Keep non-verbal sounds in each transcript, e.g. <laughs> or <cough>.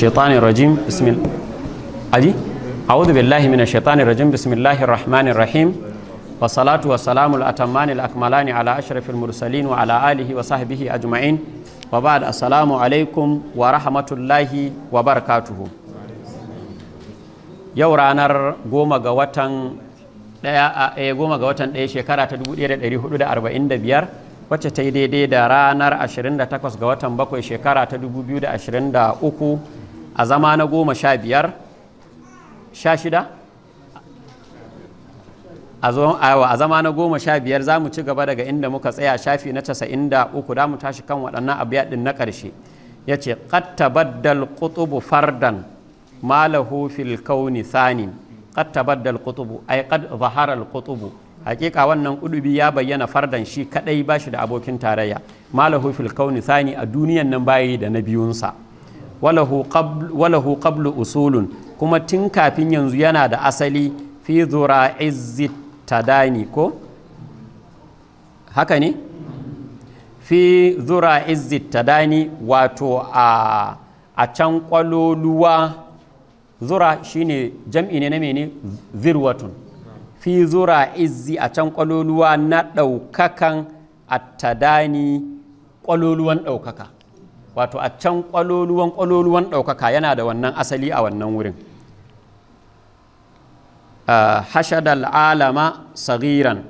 shaitani rajim bismil aji a'udhu billahi minash shaitani rajim bismillahir rahmanir rahim wa salatu wa akmalani ala ashrafil mursalin wa alihi wa sahbihi ajma'in wa alaikum wa rahmatullahi yau ranar goma ga watan a eh, goma ga watan daya shekara ta 1445 wacce ta yi daidai da ranar 28 ga watan bakwai shekara ta 2023 a zama na goma sha biyar sha shida a zama na goma sha biyar za mu ci gaba daga inda muka tsaya shafi na casa'in da uku da mu tashi kan waɗannan abiya ɗin na ƙarshe ya ce ƙattabaddal ƙutubu fardan malahu fil kauni thanin ƙattabaddal ƙutubu ai ƙad zaharar ƙutubu hakika wannan ƙudubi ya bayyana fardan shi kaɗai ba shi da abokin tarayya malahu fil kauni sani a duniyan nan bayi da na biyunsa walahu qablu usulun kuma tun kafin yanzu yana da asali fi zura tadani ko haka ne fi zura tadani wato a a can kwaloluwa zura shine jam'i ne na mene zirwatun fi zura izzi a can kwaloluwa na ɗaukakan attadani kwaloluwan ɗaukaka wato a can kwaloluwan ƙwaloluwan ɗaukaka yana da wannan asali a wannan wurin hashadal alama sagiran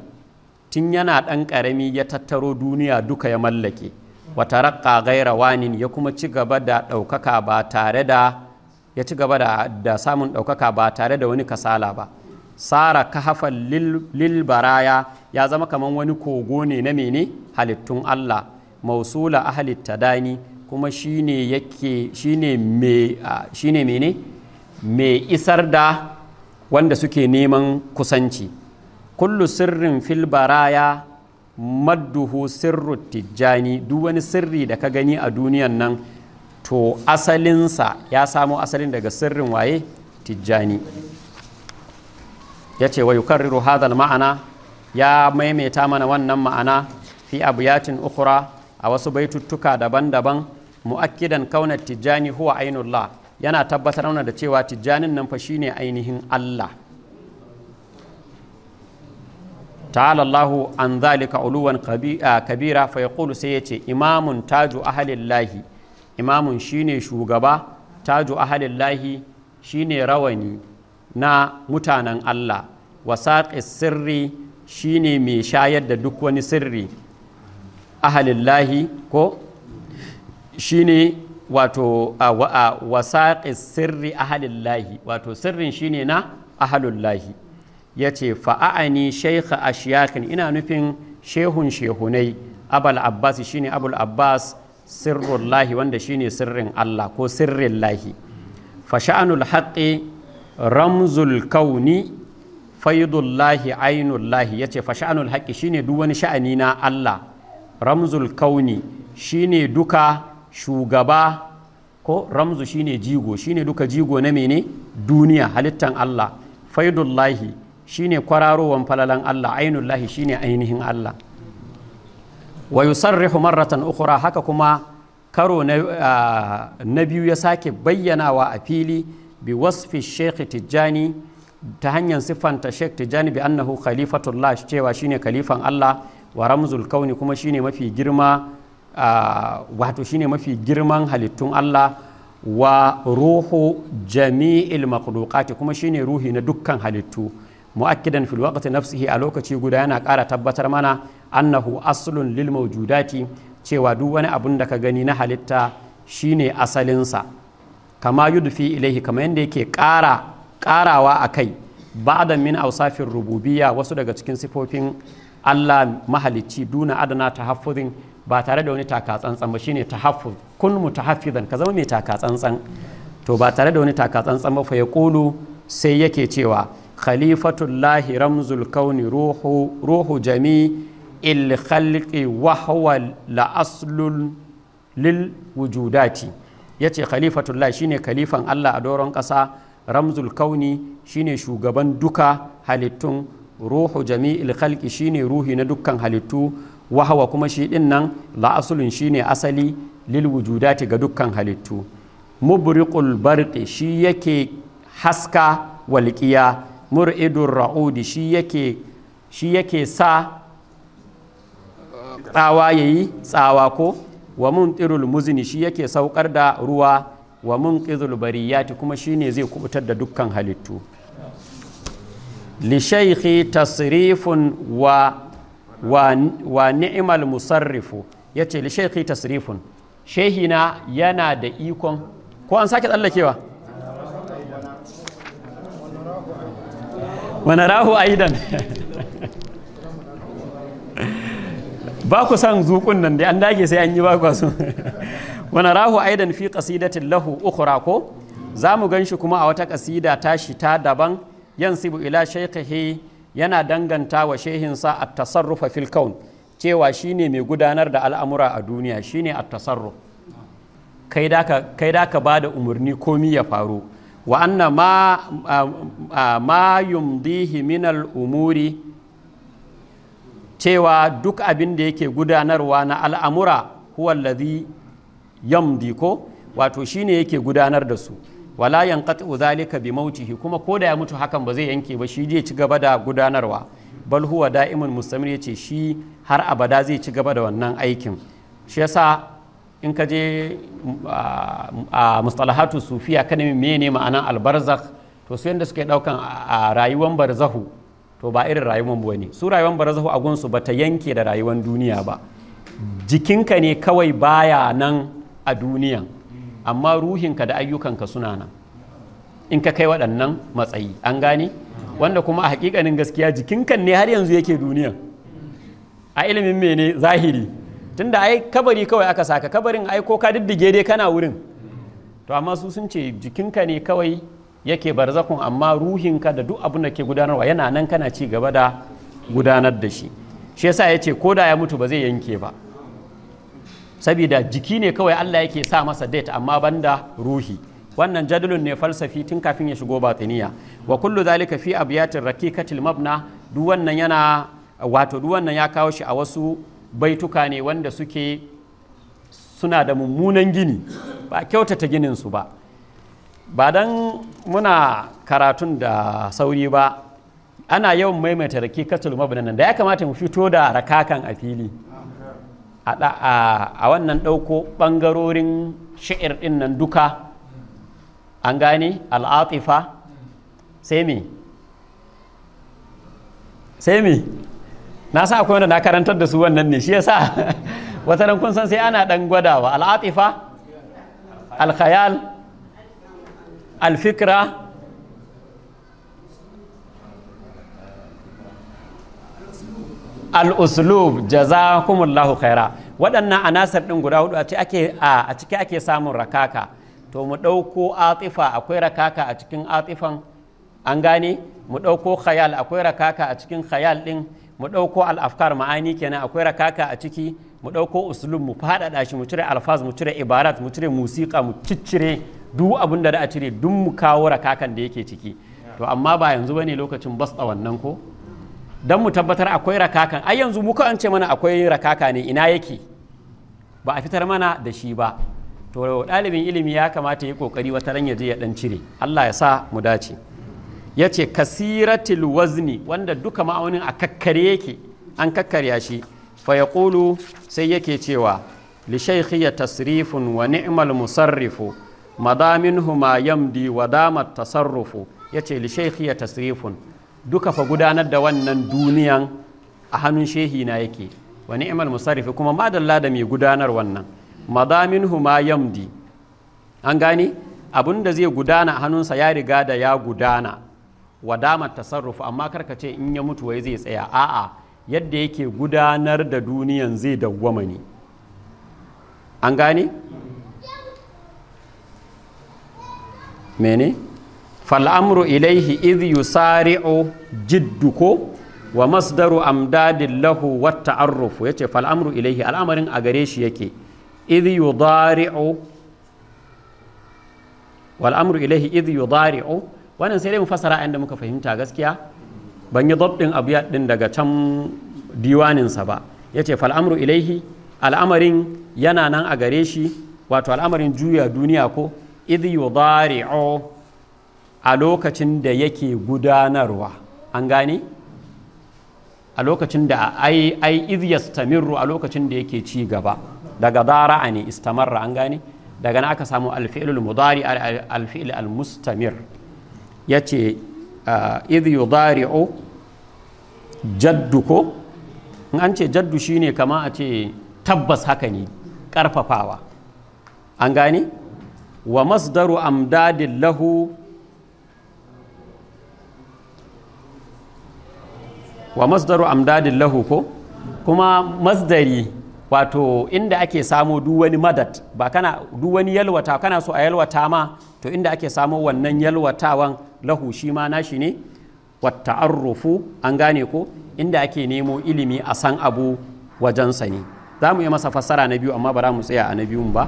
tun yana ɗan ƙarami ya tattaro duniya duka ya mallake wata raƙa gaira wanin ya kuma ci gaba da ɗaukaka ba tare da ya ci gaba da samun ɗaukaka ba tare da wani kasala ba sara kahafan lilbaraya ya zama kamar wani kogo ne na mene halittun allah mausula dani kuma shine yake shine me shine mene me isar da wanda suke neman kusanci kullu sirrin fil baraya madduhu sirru tijjani duk wani sirri da ka gani a duniyan nan to asalinsa ya samo asalin daga sirrin waye tijjani ya ce wa yukarriru hadal ma'ana ya maimaita mana wannan ma'ana fi abiyatin ukura a wasu baituttuka daban-daban mu'akkidan kauna tijjani huwa ainullah yana tabbatar mana da cewa tijjanin nan fa shine ainihin Allah ta'ala Allahu an zalika uluwan kabira fa yaqulu sai yace imamun taju ahlillahi imamun shine shugaba taju ahlillahi shine rawani na mutanen Allah Wasaƙi sirri shine mai shayar da duk wani sirri ahlillahi ko ne wato a wasaƙi sirri ahalillahi wato sirrin shine na ahalullahi ya ce fa'a'ani shaikha ashiyakin ina nufin shehun shehunai abul abbas shine abul abbas sirrullahi wanda shine sirrin allah ko sirrin lahi fasha'anul haƙi ramzul kauni faidullahi ainullahi ya ce fasha'anul haƙi ne duk wani sha'ani na allah ramzul kauni shine duka shugaba ko ramzu shine jigo shine duka jigo na mene duniya halittan Allah faidullahi shine kwararowan falalan Allah ainullahi shine ainihin Allah wa yusarrihu marratan ukhra haka kuma karo ah, na biyu ya sake bayyanawa a fili bi wasfi Sheikh Tijjani ta hanyar siffanta Sheikh Tijjani bi annahu khalifatullah cewa shine khalifan Allah wa ramzul kauni kuma shine mafi girma Ah, wato shine mafi girman halittun Allah wa ruhu jami'il makhluqati kuma shine ruhi na dukkan halittu mu'akkidan fil waqti nafsihi a lokaci guda yana ƙara tabbatar mana annahu aslun lil mawjudati cewa duk wani abun da ka gani na halitta shine asalinsa kama yudfi ilaihi kamar yadda yake ƙara ƙarawa a kai ba'da min ausafin rububiyya wasu daga cikin sifofin Allah mahalicci duna adana ta tahaffuzin ba tare da wani taka tsantsan ba shine tahaffuz kun mutahaffizan ka zama mai taka tsantsan to ba tare da wani taka tsantsan ba fa ya kulu sai yake cewa khalifatullahi ramzul kauni ruhu ruhu jami il khalqi wa huwa la aslul lil wujudati yace khalifatullahi shine khalifan Allah a doron kasa. ramzul kauni shine shugaban duka halittun ruhu jami'il khalqi shine ruhi na dukkan halittu wahawa kuma shi din nan la'asulun ne asali lil wujudati ga dukkan halittu mubriqul barqi shi yake haska walƙiya mur'idur ra'udi shi yake shi yake sa tsawa yayi tsawa ko wa muntirul muzni shi yake saukar da ruwa wa munqidhul bariyati kuma shi ne zai kubutar da dukkan halittu li shaykhi tasrifun wa wa ni'mal musarrifu ya ce li shaikhi tasrifun shehina yana da ikon ko an sake tsallakewa wani rahu aidan <laughs> ba ku san zukun nan da an dage sai an yi ba kwasu <laughs> wani rahu aidan fi ƙasidatin lahu ukura ko za mu gan shi kuma a wata ƙasida tashi ta daban sibu ila shaikhi yana danganta wa shehinsa a tasarrufa filkaun cewa cewa shine mai gudanar da al'amura a duniya shine a tasarruf kai da ka ba da umarni komi ya faru wa anna ma, yumdihi minal umuri cewa duk abin da yake gudanarwa na al'amura huwallazi yamdi ko wato shine yake gudanar da su wala yanqatu zalika bi mautihi kuma ko da ya mutu hakan ba zai yanke ba shi zai ci gaba da gudanarwa bal huwa da'imun mustamir yace shi har abada zai ci gaba da wannan aikin shi yasa in ka je a mustalahatu sufiya kana mene ma'anan albarzakh to su yanda suke daukan a rayuwar barzahu to ba irin rayuwar ba ne su rayuwar barzahu a gunsu ba ta yanke da rayuwar duniya ba jikinka ne kawai baya nan a duniyan amma ruhinka da ayyukanka suna nan in ka kai waɗannan matsayi an gane wanda kuma a hakikanin gaskiya jikinkan ne har yanzu yake duniya a ilimin mene zahiri tunda ai kabari kawai aka saka kabarin ai ko ka diddige dai kana wurin to amma su sun ce jikinka ne kawai yake barzakun amma ruhinka da duk abin da ke gudanarwa yana nan kana ci gaba da gudanar da shi shi yasa ya ce ko da ya mutu ba zai yanke ba saboda jiki ne kawai Allah yake sa masa date amma banda ruhi wannan jadulun ne falsafi tun kafin ya shigo batiniya wa kullu zalika fi abyatir raqiqatil mabna duk wannan yana wato duk wannan ya kawo shi a wasu baituka ne wanda suke suna da mummunan gini ba kyautata ginin su ba ba dan muna karatun da sauri ba ana yawan maimaita raqiqatul mabna nan da ya kamata mu fito da rakakan a fili a wannan ɗauko ɓangarorin shi'ir ɗin nan duka an gani al'atifa sai mi sai mi na sa akwai wanda na karantar da su wannan ne shi yasa <laughs> wata nan kun san sai ana ɗan gwadawa al'atifa alkhayal alfikra al-uslub kumullahu khaira waɗannan anasar ɗin guda hudu a ciki ake samun rakaka to mu ɗauko atifa akwai rakaka a cikin atifan an gane mu ɗauko khayal akwai rakaka a cikin khayal ɗin mu ɗauko al'afkar ma'ani kenan akwai rakaka a ciki mu ɗauko uslub mu faɗaɗa shi mu cire alfaz mu cire ibarat mu cire musiƙa mu ciccire duk abin da a cire duk mu kawo rakakan da yake ciki to amma ba yanzu ba ne lokacin bas wannan ko don mu tabbatar akwai rakakan ai yanzu muka an ce mana akwai rakaka ne ina yake ba a fitar mana da shi ba to ɗalibin ilimi ya kamata ya kokari wata ran ya je ya dan cire Allah ya sa mu dace ya ce kasiratil wazni wanda duka ma'aunin a kakkare yake an kakkarya shi fa yaqulu sai yake cewa li shaykhi tasrifun wa ni'mal musarrifu madaminhu ma yamdi wa damat tasarrufu yace li shaykhi tasrifun duka fa gudanar da wannan duniyan a hannun shehi na yake wa ni'mal musarrifi kuma dalla da mai gudanar wannan madaminhu ma yamdi an gane abin da zai gudana a hannunsa ya riga da ya gudana wa damar tasarrufu amma karka ce in ya mutu wai zai tsaya a'a yadda yake gudanar da duniyan zai dawwama ne an gane mene fal'amru ilaihi idh yusari'u jidduko wa masdaru amdadin lahu wa Ya ce fal'amru ilaihi al'amarin a gare shi yake idh yudari'u wal ilaihi idh yudari'u wannan sai dai mu fasara yanda muka fahimta gaskiya ban yi dabdin abu din daga can diwaninsa ba. Ya ce fal'amru ilaihi al'amarin yana nan a gare shi wato al'amarin juya duniya ko idh yudari'u a lokacin da yake gudanarwa an gane a lokacin da ai ai iz a lokacin da yake ci gaba daga dara'a ne istamarra an gane daga na aka samu alfi'il mudari alfi'il almustamir yace ah, iz yudari'u jaddu ko in an ce jaddu shine kama a ce tabbas haka ne karfafawa an gane wa masdaru amdadin lahu wa masdaru amdadin lahu ko kuma masdari wato inda ake samo duk wani madad ba kana duk wani yalwata kana so a yalwata ma to inda ake samo wannan yalwatawan lahu shi ma nashi ne wata'arrufu an gane ko inda ake nemo ilimi a san abu wajensa ne za mu yi masa fassara na biyu amma ba za mu tsaya a na biyun ba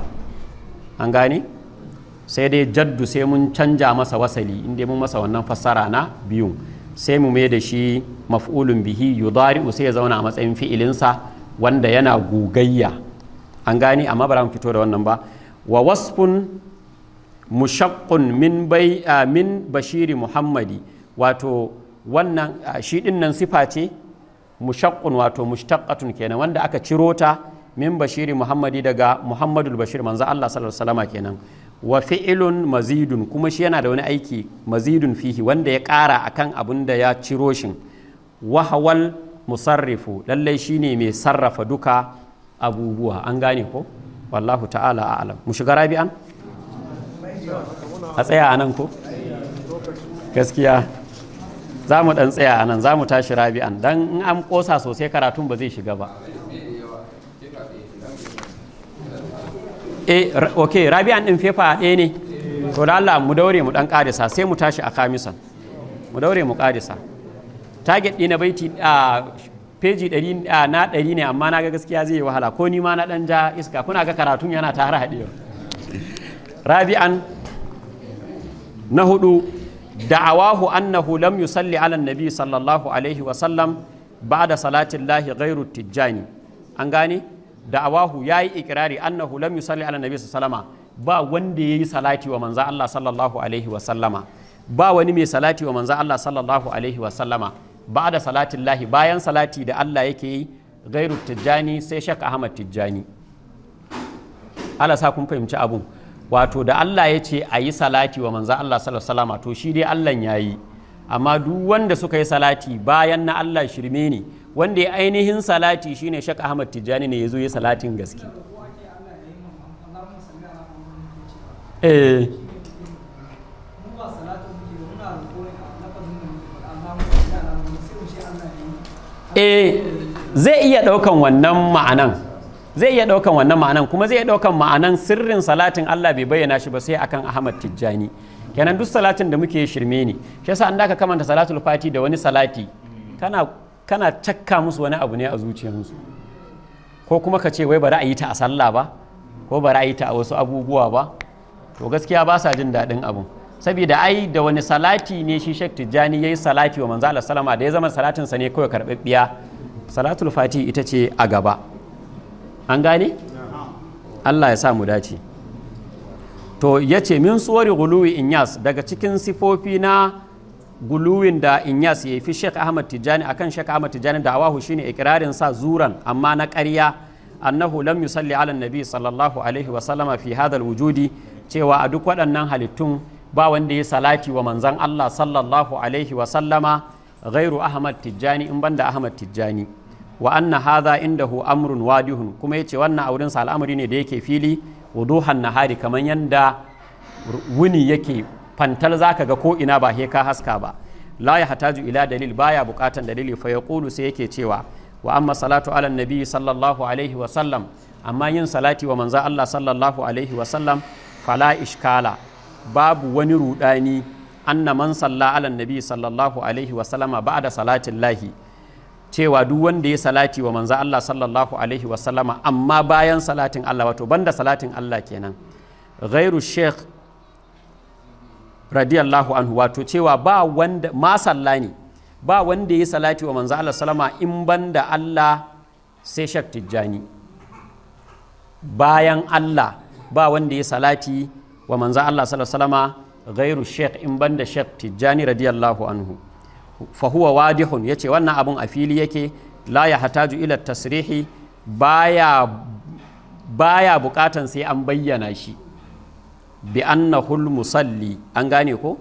an gane sai dai jaddu sai mun canja masa wasali inda mun masa wannan fassara na biyun sai mu mai da shi maf'ulun bihi yudari'u sai ya zauna a matsayin fi'ilinsa wanda yana gugayya an gani amma ba fito da wannan ba wa wasfun mushaqqun min bai min bashiri muhammadi wato wannan shi din nan sifa ce mushaqqun wato mushtaqqatun kenan wanda aka ciro ta min bashiri muhammadi daga Muhammadu bashir manzo Allah sallallahu alaihi kenan wa fi'ilun mazidun kuma shi yana da wani aiki mazidun fihi wanda ya ƙara akan abin da ya ciro shi wahawal musarrifu lallai shine mai sarrafa duka abubuwa an gane ko wallahu ta'ala a'lam mu shiga rabi'an a tsaya a nan ko gaskiya za mu dan tsaya a nan za mu tashi rabi'an dan in an ƙosa sosai karatun ba zai shiga ba eh ok rabi'an din fefa ɗaya ne to da Allah mu daure mu dan karisa sai mu tashi a kamisan mu daure mu karisa target ɗina baiti a peji ɗari na ɗari ne amma na ga gaskiya zai yi wahala ko ni ma na ɗan ja iska kuna ga karatun yana ta har haɗewa rabi'an na hudu da'awahu annahu lam yusalli ala nabi sallallahu alaihi wa sallam ba'da salatillahi ghairu tijjani an gane Da da'awahu yi ikirari. annahu lam yusalli ala nabi sallama ba wanda yayi salati wa manzo Allah sallallahu alaihi wa sallama ba wani mai salati wa manzo Allah sallallahu alaihi wa sallama ba da salatin lahi bayan salati da Allah yake yi gairu tijjani sai shak Ahmad tijjani Allah sa kun fahimci abun wato da Allah ya ce a yi salati wa manzo Allah sallallahu alaihi wa sallama to shi dai Allah ya yi amma duk wanda suka yi salati bayan na Allah shirme ne wanda ya ainihin salati shine shak ahmad tijjani ne ya zo ya salatin gaske eh. eh zai iya ɗaukan wannan ma'anan zai iya ɗaukan wannan ma'anan kuma zai iya ɗaukan ma'anan sirrin salatin Allah bai bayyana shi ba sai akan Ahmad Tijjani kenan duk salatin da muke shirme ne shi yasa an da aka kamanta salatul fati da wani salati kana kana cakka musu wani abu ne a zuciyarsu ko kuma ka ce wai bari a yi ta a sallah ba ko bari a yi ta a wasu abubuwa ba to gaskiya ba sa jin daɗin abu. saboda ai da wani salati ne shi shek Tijjani ya yi salati wa manzala salama da ya zama salatin sa ne kawai karɓaɓɓiya salatul fati ita ce a gaba an gane Allah ya sa mu dace to ce min suwari guluwi yas daga cikin sifofi na guluwin da inyas ya fi shek ahmad tijjani akan shek ahmad tijjani da awahu shine ikirarin sa zuran amma na ƙarya annahu lam yusalli ala nabi sallallahu alaihi wa sallama fi hadal wujudi cewa a duk waɗannan halittun ba wanda ya salati wa manzan Allah sallallahu alaihi wa sallama ghairu ahmad tijjani in banda ahmad tijjani wa anna hadha indahu amrun wadihun kuma yace wannan auren sa al'amari ne da yake fili wuduhan nahari kamar yanda wuni yake fantal ka ga ko ina ba he ka haska ba la ya hataju ila dalil baya bukatan dalili fa yaqulu sai yake cewa wa amma salatu ala nabi sallallahu alaihi wa sallam amma yin salati wa manzo Allah sallallahu alaihi wa sallam fala ishkala babu wani rudani anna man salla ala nabi sallallahu alaihi wa sallama ba'da salatin lahi cewa duk wanda ya salati wa manzo Allah sallallahu alaihi wa sallama amma bayan salatin Allah wato banda salatin Allah kenan ghairu sheikh radiyallahu anhu wato cewa ba wanda masalla ne ba wanda ya salati wa manzo Allah salama in banda Allah sai shak tijjani bayan Allah ba wanda ya salati wa manzo Allah salama gairu shek in banda shek tijjani radiyallahu anhu fa huwa wadihun yace wannan abun a fili yake la ya hataju ila tasrihi baya baya bukatan sai an bayyana shi bi annahul musalli an gane ko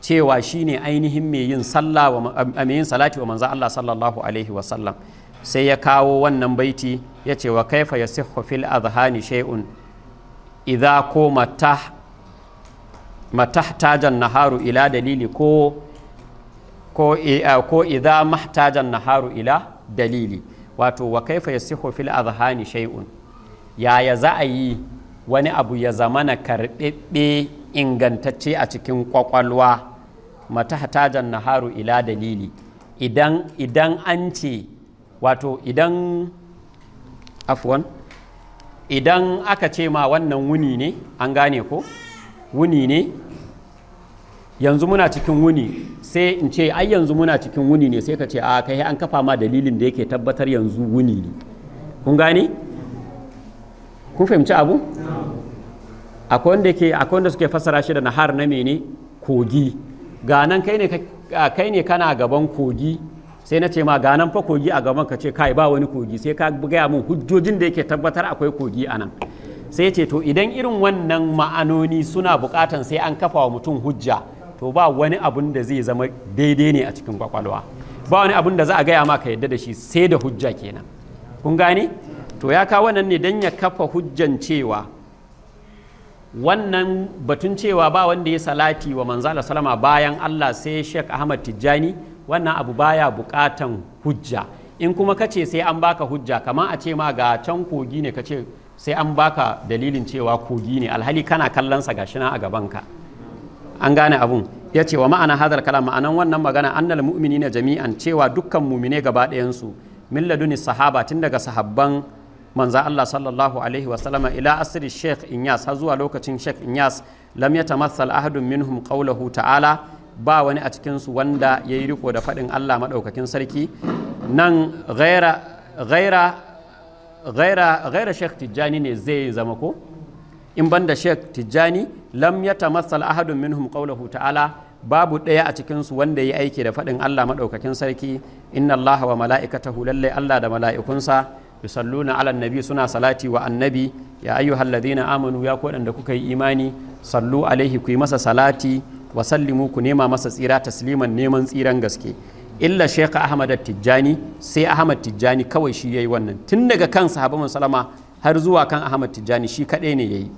cewa shine ainihin mai yin sallah wa eh, yin salati wa manzo Allah sallallahu alaihi wa sallam sai ya kawo wannan baiti ya ce wa kaifa yasihhu fil adhani shay'un idza ko matah matahtajan naharu ila dalili ko ko eh, eh, ko idza mahtajan naharu ila dalili wato wa kaifa yasihhu fil adhani shay'un yaya za a yi wani abu ya zama na karɓaɓɓe ingantacce a cikin kwakwalwa mata hatajan naharu ila dalili idan idan an ce wato idan afwan idan aka ce ma wannan wuni ne an gane ko wuni ne yanzu muna cikin wuni sai in ce ai yanzu muna cikin wuni ne sai ka ce a kai an kafa ma dalilin da yake tabbatar yanzu wuni ne kun gane kun fahimci abu akwai wanda ke akwai wanda suke fassara shi da nahar na mene kogi ga nan kai ne kana gaban kogi sai na ce ma ga fa kogi a gaban ka ce kai ba wani kogi sai ka gaya mun hujjojin da yake tabbatar akwai kogi a nan sai ce to idan irin wannan ma'anoni suna bukatan sai an kafa wa mutum hujja to ba wani abun da zai zama daidai ne a cikin kwakwalwa ba wani abun da za a gaya ma ka yadda da shi sai da hujja kenan kun gane to ya kawo nan ne don ya kafa hujjan cewa wannan batun cewa ba wanda ya salati wa manzala salama bayan Allah sai Sheikh Ahmad Tijjani wannan abu baya bukatan hujja in kuma kace sai an baka hujja kamar a ce ma ga can kogi ne kace sai an baka dalilin cewa kogi ne alhali kana kallon sa gashi na a gabanka an gane abun ya ce wa ma'ana hadar kalam ma'anan wannan magana annal na jami'an cewa dukkan mu'mine gaba ɗayan su milladuni sahaba tun daga sahabban manza Allah sallallahu alaihi wasallama ila asiri Sheikh Inyas har zuwa lokacin Sheikh Inyas lam yatamassal ahadun minhum qawluhu ta'ala ba wani a cikinsu wanda ya yi riko da faɗin Allah maɗaukakin sarki nan ghaira ghaira ghaira ghaira Sheikh Tijjani ne zai zama ko in banda Sheikh Tijjani lam yatamassal ahadun minhum qawluhu ta'ala babu ɗaya a cikinsu wanda ya aiki da faɗin Allah maɗaukakin sarki inna Allah wa mala'ikatahu lallai Allah da mala'ikunsa yusalluna ala nabi suna salati wa annabi ya ayyuhal ladina amanu ya ko da kuka yi imani sallu alaihi ku yi masa salati wa sallimu ku nema masa tsira tasliman neman tsiran gaske illa sheikh ahmad tijjani sai ahmad tijjani kawai shi yayi wannan tun daga kan sahabban salama har zuwa kan ahmad tijjani shi kadai ne yayi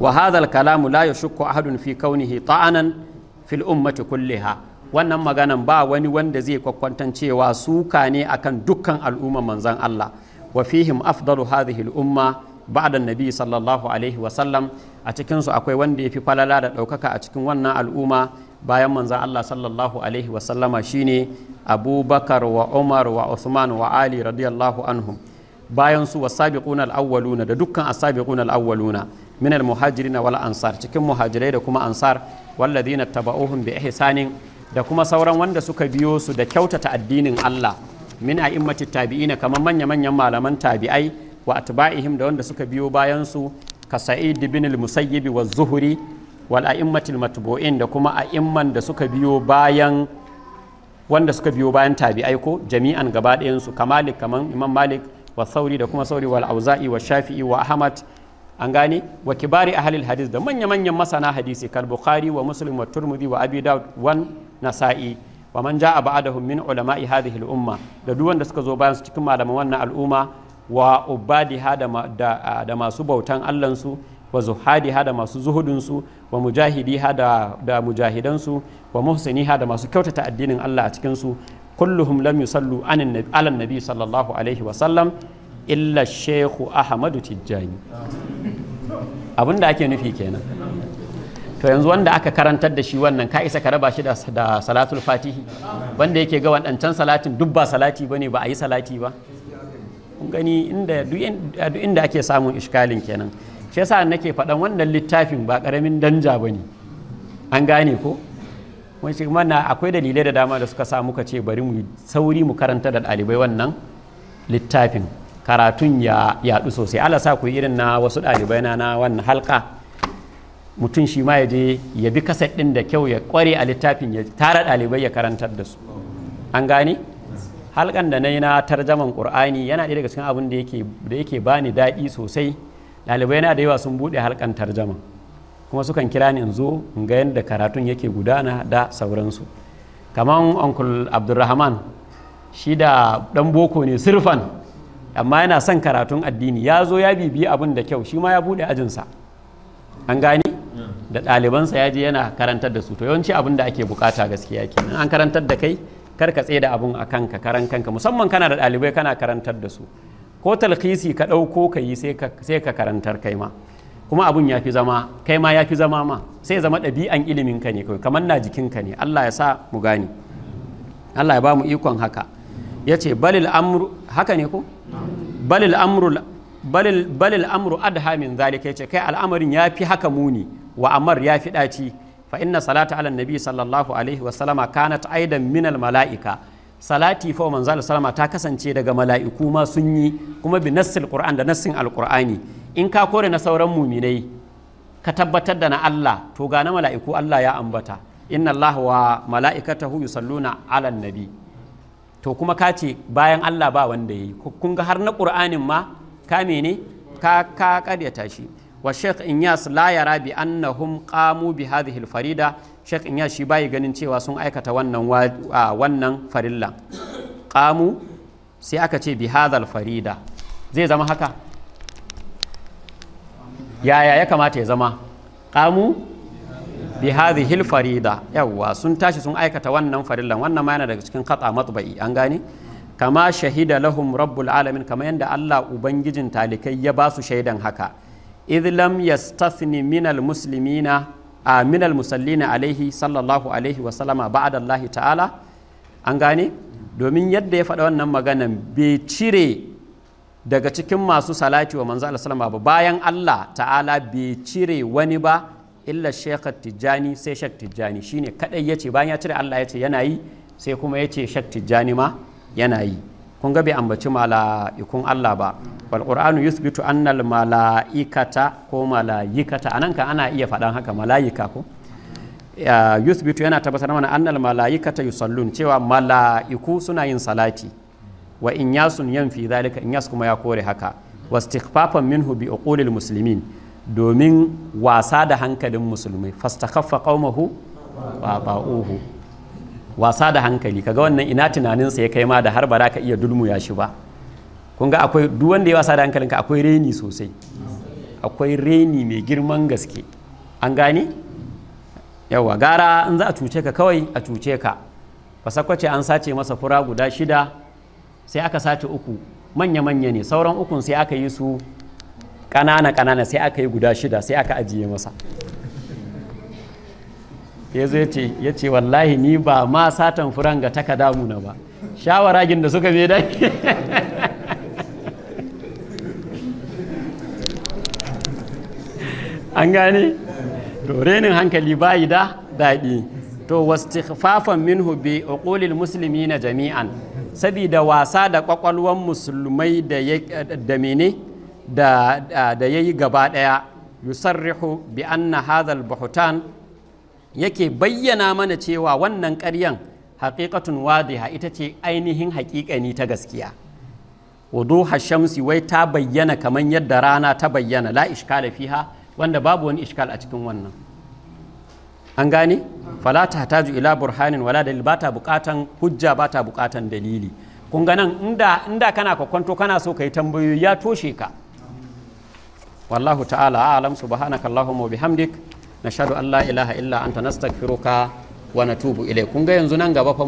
wa hadha al kalamu la yashukku ahadun fi kaunihi ta'anan fil ummati kulliha wannan maganan ba wani wanda zai kwakwantan cewa suka ne akan dukkan al'umma manzan Allah wa fihim afdalu hadhihi al'umma ba'da nabi sallallahu alaihi wa sallam a cikin su akwai wanda yafi falala da daukaka a cikin wannan al'umma bayan manzan Allah sallallahu alaihi wa sallama shine Abubakar wa Umar wa usman wa Ali radiyallahu anhum bayan su wasabiquna al-awwaluna da dukkan asabiquna al-awwaluna min al-muhajirin wal ansar cikin muhajirai da kuma ansar walladhina taba'uhum bi ihsanin da kuma sauran wanda suka biyo su da kyautata addinin Allah min a'immati tabi'ina kamar manya-manyan malaman tabi'ai wa atba'ihim da wanda suka biyo bayan su ka sa'id bin al-musayyib wa zuhri wal a'immatil matbu'in da kuma a'imman da suka biyo bayan wanda suka biyo bayan tabi'ai ko jami'an gaba ɗayan su kamalik kaman imam malik wa sauri da kuma sauri wal auza'i wa shafi'i wa ahmad an gane wa kibari ahlil hadis da manya-manyan masana hadisi kal bukhari wa muslim wa turmudi wa abi daud nasa'i wa man ja'a ba'dahum min ulama'i hadhihi al-umma da duk wanda suka zo bayan su cikin malaman wannan al'umma wa ubadi da da masu bautan Allah su wa zuhadi da masu zuhudun su wa mujahidi da da mujahidan su wa muhsini da masu kyautata addinin Allah a cikin su kulluhum lam yusallu ala nabi sallallahu alaihi wa sallam illa shaykhu ahmadu tijjani abinda ake nufi kenan to yanzu wanda aka karantar da shi wannan ka isa ka raba shi da salatul fatihi wanda yake ga wadancan salatin duk ba salati bane ba a yi salati ba kun gani inda ake samun iskalin kenan shi yasa nake faɗan wannan littafin ba ƙaramin danja ba ne an gane ko shi mana akwai dalilai da dama da suka sa muka ce bari mu sauri mu karanta da ɗalibai wannan littafin karatun ya yaɗu sosai ala sa ku irin na wasu ɗalibai na na wannan halka mutum shi ma ya je ya bi kaset ɗin da kyau ya kware a littafin ya tara ɗalibai ya karantar da su an gane halkan da na yi na tarjaman ƙur'ani yana ɗaya daga cikin abin da yake ba ni daɗi sosai ɗalibai na da yawa sun buɗe halkan tarjaman kuma sukan kira ni in zo in ga yadda karatun yake gudana da sauransu kamar uncle abdulrahman shi da ɗan boko ne sirfan amma yana son karatun addini ya zo ya bibiyi abin da kyau shi ma ya buɗe ajinsa an gane da ɗalibansa ya je yana karantar da su to yawanci abin da ake bukata gaskiya kenan an karantar da kai kar ka tsaye da abin a kanka karan kanka musamman kana da ɗalibai kana karantar da su ko talhisi ka ɗauko ka yi sai ka karantar kai ma kuma abun ya fi zama kai ma ya fi zama ma sai zama ɗabi'an ilimin ka ne kawai kamar na jikinka ne Allah ya sa mu gane Allah ya ba mu ikon haka ya ce balil amru haka ne ko balil amru balil balil amru adha zalika yace kai al'amarin ya fi haka muni wa'amar ya fi ɗaci fa inna salata ala nabi sallallahu alaihi wa sallama kanat aidan minal mala'ika salati fa manzo sallama ta kasance daga mala'iku ma sun yi kuma bi nassil qur'an da nassin alqur'ani in ka kore na sauran muminai ka tabbatar da na Allah to ga na mala'iku Allah ya ambata inna Allah wa mala'ikatahu yusalluna ala nabi to kuma ka ce bayan Allah ba wanda yayi kun ga har na qur'anin ma ka ne ka ka ƙaryata shi wa sheikh inyas la yara bi annahum qamu bi hadhihi farida sheikh inyas shi bai ganin cewa sun aikata wannan wannan farilla qamu sai aka ce bi farida zai zama haka yaya ya kamata ya zama qamu bi yawa sun tashi sun aikata wannan farillan wannan ma yana daga cikin qata matba'i an gane kama shahida lahum rabbul alamin kama yanda Allah ubangijin talikai ya basu shaidan haka idlam yastathni minal muslimina a minal musallina alaihi sallallahu alaihi wa sallama ba'da Allah ta'ala an gane domin yadda ya faɗa wannan maganan bai cire daga cikin masu salati wa manzo Allah sallama ba bayan Allah ta'ala bai cire wani ba illa shekha tijjani sai shek tijjani shine kadai yace bayan ya cire Allah yace yana yi sai kuma yace shek tijjani ma yana yi kun ga bai ambaci mala'ikun Allah ba wal qur'anu yuthbitu annal mala'ikata ko mala'ikata anan ka ana iya faɗan haka mala'ika ko yuthbitu yana tabbatar mana annal mala'ikata yusallun cewa mala'iku suna yin salati wa in yasun yanfi zalika in yas kuma ya kore haka wastighfafan minhu bi uqulil muslimin domin wasa da hankalin musulmai fastakhaffa qaumahu wa ba'uhu wasa da hankali kaga wannan ina tunanin sa ya kai ma da har ba ka iya dulmu ya shi ba kun ga akwai duk wanda ya wasa da ka akwai reni sosai akwai reni mai girman gaske an gane yawa gara in za a cuce ka kawai a cuce ka fasakwace an sace masa fura guda shida sai aka sace uku manya-manya ne sauran ukun sai aka yi su ƙanana-ƙanana sai aka yi guda shida sai aka ajiye masa ya zo ya ce wallahi ni ba ma satan furan ga takada muna ba shawaragin da suka mai dai <laughs> an gane to renin hankali bayi da daɗi to wastighfafan minhu bi musulmi na jami'an sabida wasa da kwakwalwan musulmai da mene da ya yayi gaba ɗaya yusarrihu bi anna hadha al-buhtan yake bayyana mana cewa wannan ƙaryan haƙiƙatun wadiha ita ce ainihin haƙiƙani ta gaskiya wado shamsi wai ta bayyana kamar yadda rana ta bayyana la ishkala fiha wanda babu wani ishkal a cikin wannan an gane falata ta ju ila burhanin wala dalil ba ta bukatan hujja ba ta bukatan dalili kun ga nan inda inda kana kwakwanto kana so kai tambayoyi ya toshe ka wallahu ta'ala a'lam subhanakallahumma wa bihamdik nashadu Allah ilaha illa anta nastaghfiruka wa natubu ilai kun ga yanzu nan gaba fa